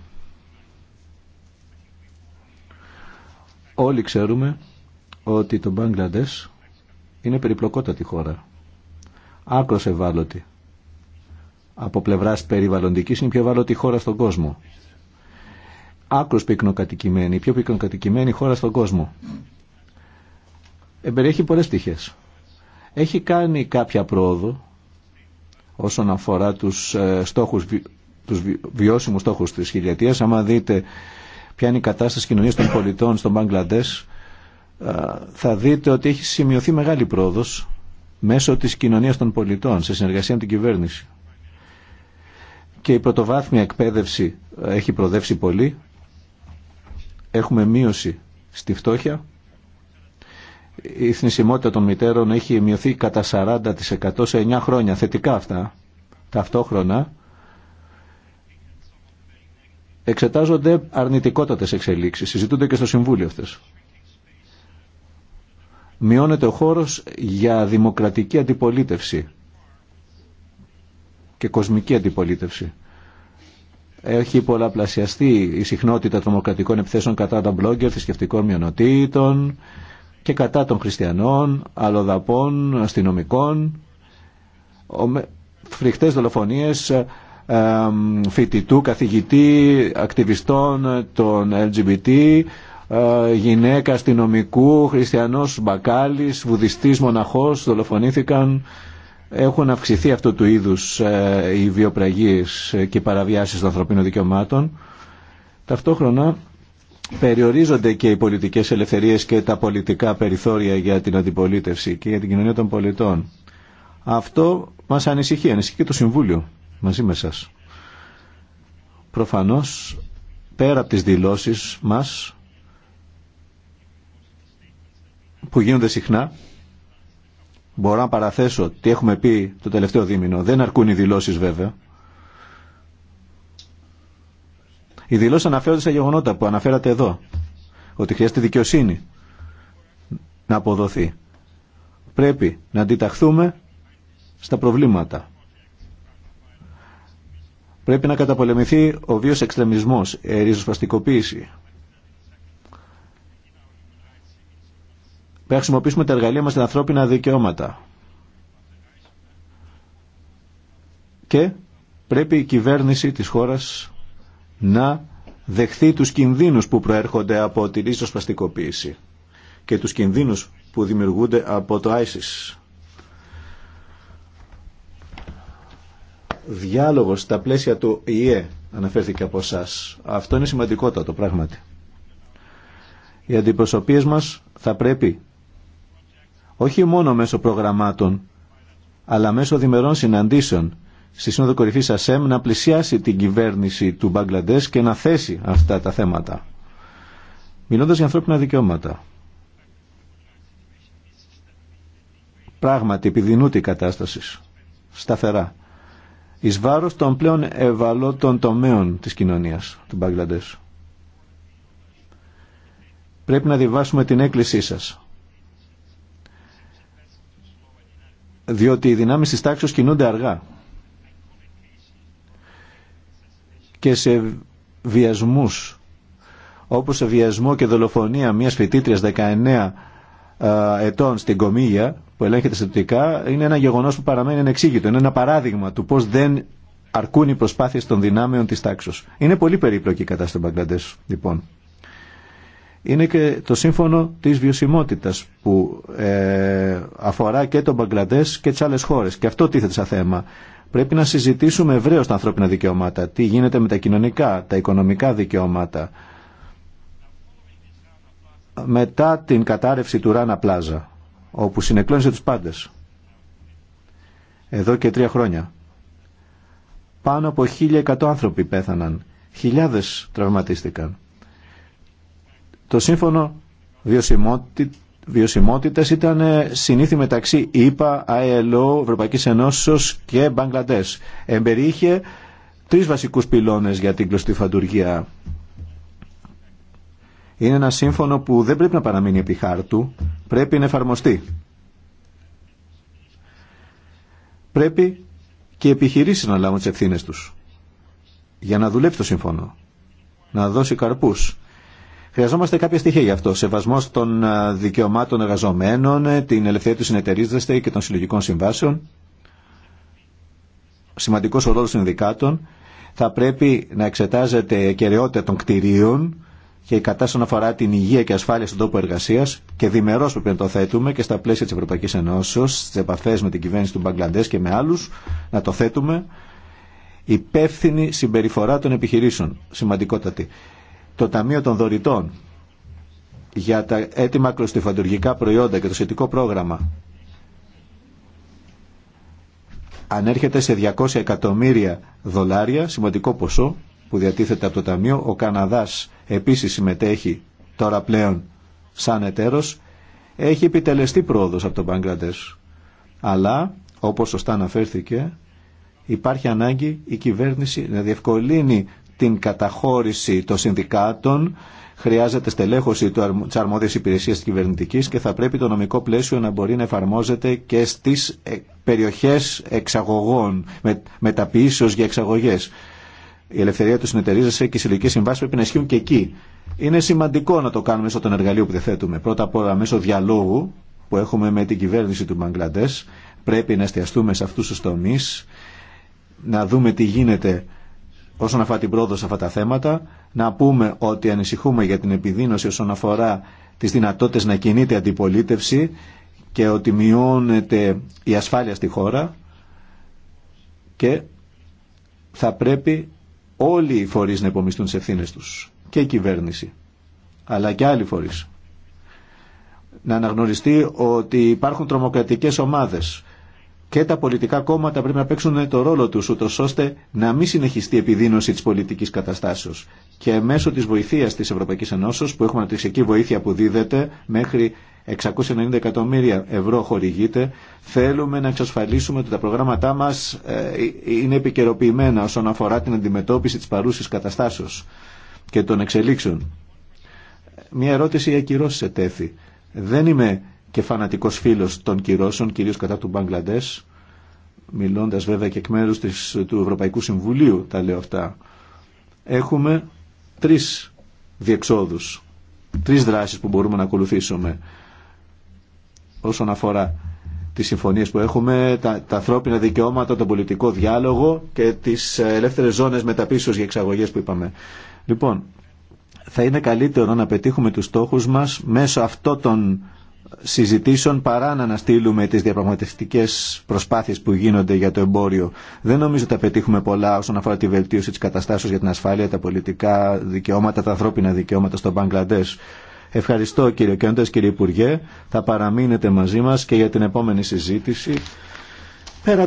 Όλοι ξέρουμε ότι το Μπαγκλαντές είναι περιπλοκότατη χώρα. Άκρος ευάλωτη. Από πλευράς περιβαλλοντικής είναι η πιο ευάλωτη χώρα στον κόσμο άκρο πυκνοκατοικημένη, η πιο πυκνοκατοικημένη χώρα στον κόσμο. Εμπεριέχει πολλέ τυχέ. Έχει κάνει κάποια πρόοδο όσον αφορά του ε, στόχους, τους βιώσιμους στόχους της δείτε ποια είναι η κατάσταση κοινωνία των πολιτών στον Μπαγκλαντέ, ε, θα δείτε ότι έχει σημειωθεί μεγάλη πρόοδο μέσω τη κοινωνία των πολιτών, σε συνεργασία με την κυβέρνηση. Και η πρωτοβάθμια εκπαίδευση έχει προδεύσει πολύ Έχουμε μείωση στη φτώχεια. Η θνησιμότητα των μητέρων έχει μειωθεί κατά 40% σε 9 χρόνια. Θετικά αυτά. Ταυτόχρονα εξετάζονται αρνητικότατες εξελίξεις. Συζητούνται και στο Συμβούλιο αυτές. Μειώνεται ο χώρος για δημοκρατική αντιπολίτευση και κοσμική αντιπολίτευση. Έχει πολλαπλασιαστεί η συχνότητα τρομοκρατικών επιθέσεων κατά τα μπλόγκερ θρησκευτικών μειονοτήτων και κατά των χριστιανών, αλλοδαπών, αστυνομικών, φρικτές δολοφονίες φοιτητού, καθηγητή, ακτιβιστών των LGBT, ε, γυναίκα αστυνομικού, χριστιανός μπακάλης, βουδιστής, μοναχός, δολοφονήθηκαν έχουν αυξηθεί αυτού του είδους ε, οι βιοπραγίες και οι παραβιάσεις των ανθρωπίνων δικαιωμάτων. Ταυτόχρονα περιορίζονται και οι πολιτικές ελευθερίες και τα πολιτικά περιθώρια για την αντιπολίτευση και για την κοινωνία των πολιτών. Αυτό μας ανησυχεί, ανησυχεί και το Συμβούλιο μαζί με σας. Προφανώς, πέρα από τις δηλώσεις μας, που γίνονται συχνά, Μπορώ να παραθέσω τι έχουμε πει το τελευταίο δίμηνο. Δεν αρκούν οι δηλώσεις βέβαια. Οι δηλώσεις αναφέρονται σε γεγονότα που αναφέρατε εδώ. Ότι χρειάζεται δικαιοσύνη να αποδοθεί. Πρέπει να αντιταχθούμε στα προβλήματα. Πρέπει να καταπολεμηθεί ο βίος εξτρεμισμός, η ριζοσπαστικοποίηση. να χρησιμοποιήσουμε τα εργαλεία μας την ανθρώπινα δικαιώματα. Και πρέπει η κυβέρνηση της χώρας να δεχθεί τους κινδύνους που προέρχονται από τη ρίζοσπαστικοποίηση και τους κινδύνους που δημιουργούνται από το ISIS. Διάλογος στα πλαίσια του ΙΕ αναφέρθηκε από εσά. Αυτό είναι σημαντικότατο πράγματι. Οι αντιπροσωπείες μας θα πρέπει όχι μόνο μέσω προγραμμάτων, αλλά μέσω διμερών συναντήσεων στη Σύνοδο Κορυφή ΑΣΕΜ να πλησιάσει την κυβέρνηση του Μπαγκλαντέ και να θέσει αυτά τα θέματα. Μιλώντα για ανθρώπινα δικαιώματα. Πράγματι, επιδεινούται η κατάσταση. Σταθερά. Ει βάρο των πλέον ευαλώτων τομέων τη κοινωνία του Μπαγκλαντέ. Πρέπει να διαβάσουμε την έκκλησή σας διότι οι δυνάμεις της τάξης κινούνται αργά και σε βιασμούς όπως σε βιασμό και δολοφονία μιας φοιτήτριας 19 ετών στην Κομίγια που ελέγχεται στατικά είναι ένα γεγονός που παραμένει ανεξήγητο. Είναι ένα παράδειγμα του πώς δεν αρκούν οι προσπάθειες των δυνάμεων της τάξης. Είναι πολύ περίπλοκη η κατάσταση των Μπαγκλαντές λοιπόν είναι και το σύμφωνο της βιωσιμότητας που ε, αφορά και τον Μπαγκλαντές και τις άλλες χώρες. Και αυτό τίθεται σαν θέμα. Πρέπει να συζητήσουμε ευρέω τα ανθρώπινα δικαιώματα, τι γίνεται με τα κοινωνικά, τα οικονομικά δικαιώματα. Μετά την κατάρρευση του Ράνα Πλάζα, όπου συνεκλώνησε τους πάντες, εδώ και τρία χρόνια, πάνω από 1.100 άνθρωποι πέθαναν, χιλιάδες τραυματίστηκαν το σύμφωνο βιωσιμότητα ήταν ε, συνήθι μεταξύ ΙΠΑ, ΑΕΛΟ, Ευρωπαϊκή Ενώσεω και Μπαγκλαντέ. Εμπεριείχε τρει βασικού πυλώνε για την κλωστή φαντουργία. Είναι ένα σύμφωνο που δεν πρέπει να παραμείνει επί χάρτου, πρέπει να εφαρμοστεί. Πρέπει και οι επιχειρήσεις να λάβουν τις ευθύνες τους για να δουλέψει το σύμφωνο, να δώσει καρπούς Χρειαζόμαστε κάποια στοιχεία γι' αυτό. Σεβασμό των ε, δικαιωμάτων εργαζομένων, ε, την ελευθερία του συνεταιρίζεσθε και των συλλογικών συμβάσεων. Σημαντικό ο ρόλο συνδικάτων. Θα πρέπει να εξετάζεται η κεραιότητα των κτηρίων και η κατάσταση αφορά την υγεία και ασφάλεια στον τόπο εργασία και διμερώ πρέπει να το θέτουμε και στα πλαίσια τη Ευρωπαϊκή Ενώσεω, στι επαφέ με την κυβέρνηση του Μπαγκλαντέ και με άλλου, να το θέτουμε υπεύθυνη συμπεριφορά των επιχειρήσεων. Σημαντικότατη το Ταμείο των Δωρητών για τα έτοιμα κλωστιφαντουργικά προϊόντα και το σχετικό πρόγραμμα ανέρχεται σε 200 εκατομμύρια δολάρια, σημαντικό ποσό που διατίθεται από το Ταμείο. Ο Καναδάς επίσης συμμετέχει τώρα πλέον σαν εταίρος. Έχει επιτελεστεί πρόοδος από τον Μπαγκλαντές. Αλλά, όπως σωστά αναφέρθηκε, υπάρχει ανάγκη η κυβέρνηση να διευκολύνει την καταχώρηση των συνδικάτων, χρειάζεται στελέχωση τη αρμόδια υπηρεσία κυβερνητική και θα πρέπει το νομικό πλαίσιο να μπορεί να εφαρμόζεται και στι ε, περιοχέ εξαγωγών, με, μεταποιήσεω για εξαγωγέ. Η ελευθερία του συνεταιρίζεσαι και οι συλλογικέ συμβάσει πρέπει να ισχύουν και εκεί. Είναι σημαντικό να το κάνουμε μέσω των εργαλείων που διαθέτουμε. Πρώτα απ' όλα μέσω διαλόγου που έχουμε με την κυβέρνηση του Μπαγκλαντέ. Πρέπει να εστιαστούμε σε αυτού του τομεί, να δούμε τι γίνεται όσον αφορά την πρόοδο σε αυτά τα θέματα, να πούμε ότι ανησυχούμε για την επιδείνωση όσον αφορά τις δυνατότητες να κινείται αντιπολίτευση και ότι μειώνεται η ασφάλεια στη χώρα και θα πρέπει όλοι οι φορείς να υπομιστούν τις ευθύνες τους και η κυβέρνηση αλλά και άλλοι φορείς να αναγνωριστεί ότι υπάρχουν τρομοκρατικές ομάδες και τα πολιτικά κόμματα πρέπει να παίξουν το ρόλο τους ούτως ώστε να μην συνεχιστεί η επιδείνωση της πολιτικής καταστάσεως και μέσω της βοηθείας της Ευρωπαϊκής Ενώσεως που έχουμε αναπτυξιακή βοήθεια που δίδεται μέχρι 690 εκατομμύρια ευρώ χορηγείται θέλουμε να εξασφαλίσουμε ότι τα προγράμματά μας ε, είναι επικαιροποιημένα όσον αφορά την αντιμετώπιση της παρούσης καταστάσεως και των εξελίξεων. Μια ερώτηση για κυρώσεις ετέθη. Δεν είμαι και φανατικός φίλος των κυρώσεων, κυρίως κατά του Μπαγκλαντές, μιλώντας βέβαια και εκ μέρους της, του Ευρωπαϊκού Συμβουλίου τα λέω αυτά, έχουμε τρεις διεξόδους, τρεις δράσεις που μπορούμε να ακολουθήσουμε όσον αφορά τις συμφωνίες που έχουμε, τα, τα ανθρώπινα δικαιώματα, τον πολιτικό διάλογο και τις ε, ελεύθερες ζώνες μεταπίσεως για εξαγωγές που είπαμε. Λοιπόν, θα είναι καλύτερο να πετύχουμε τους στόχους μας μέσω αυτών των συζητήσεων παρά να αναστείλουμε τις διαπραγματευτικές προσπάθειες που γίνονται για το εμπόριο. Δεν νομίζω ότι θα πετύχουμε πολλά όσον αφορά τη βελτίωση της καταστάσεως για την ασφάλεια, τα πολιτικά δικαιώματα, τα ανθρώπινα δικαιώματα στο Μπαγκλαντές. Ευχαριστώ κύριο Κέντες, κύριε Υπουργέ. Θα παραμείνετε μαζί μας και για την επόμενη συζήτηση.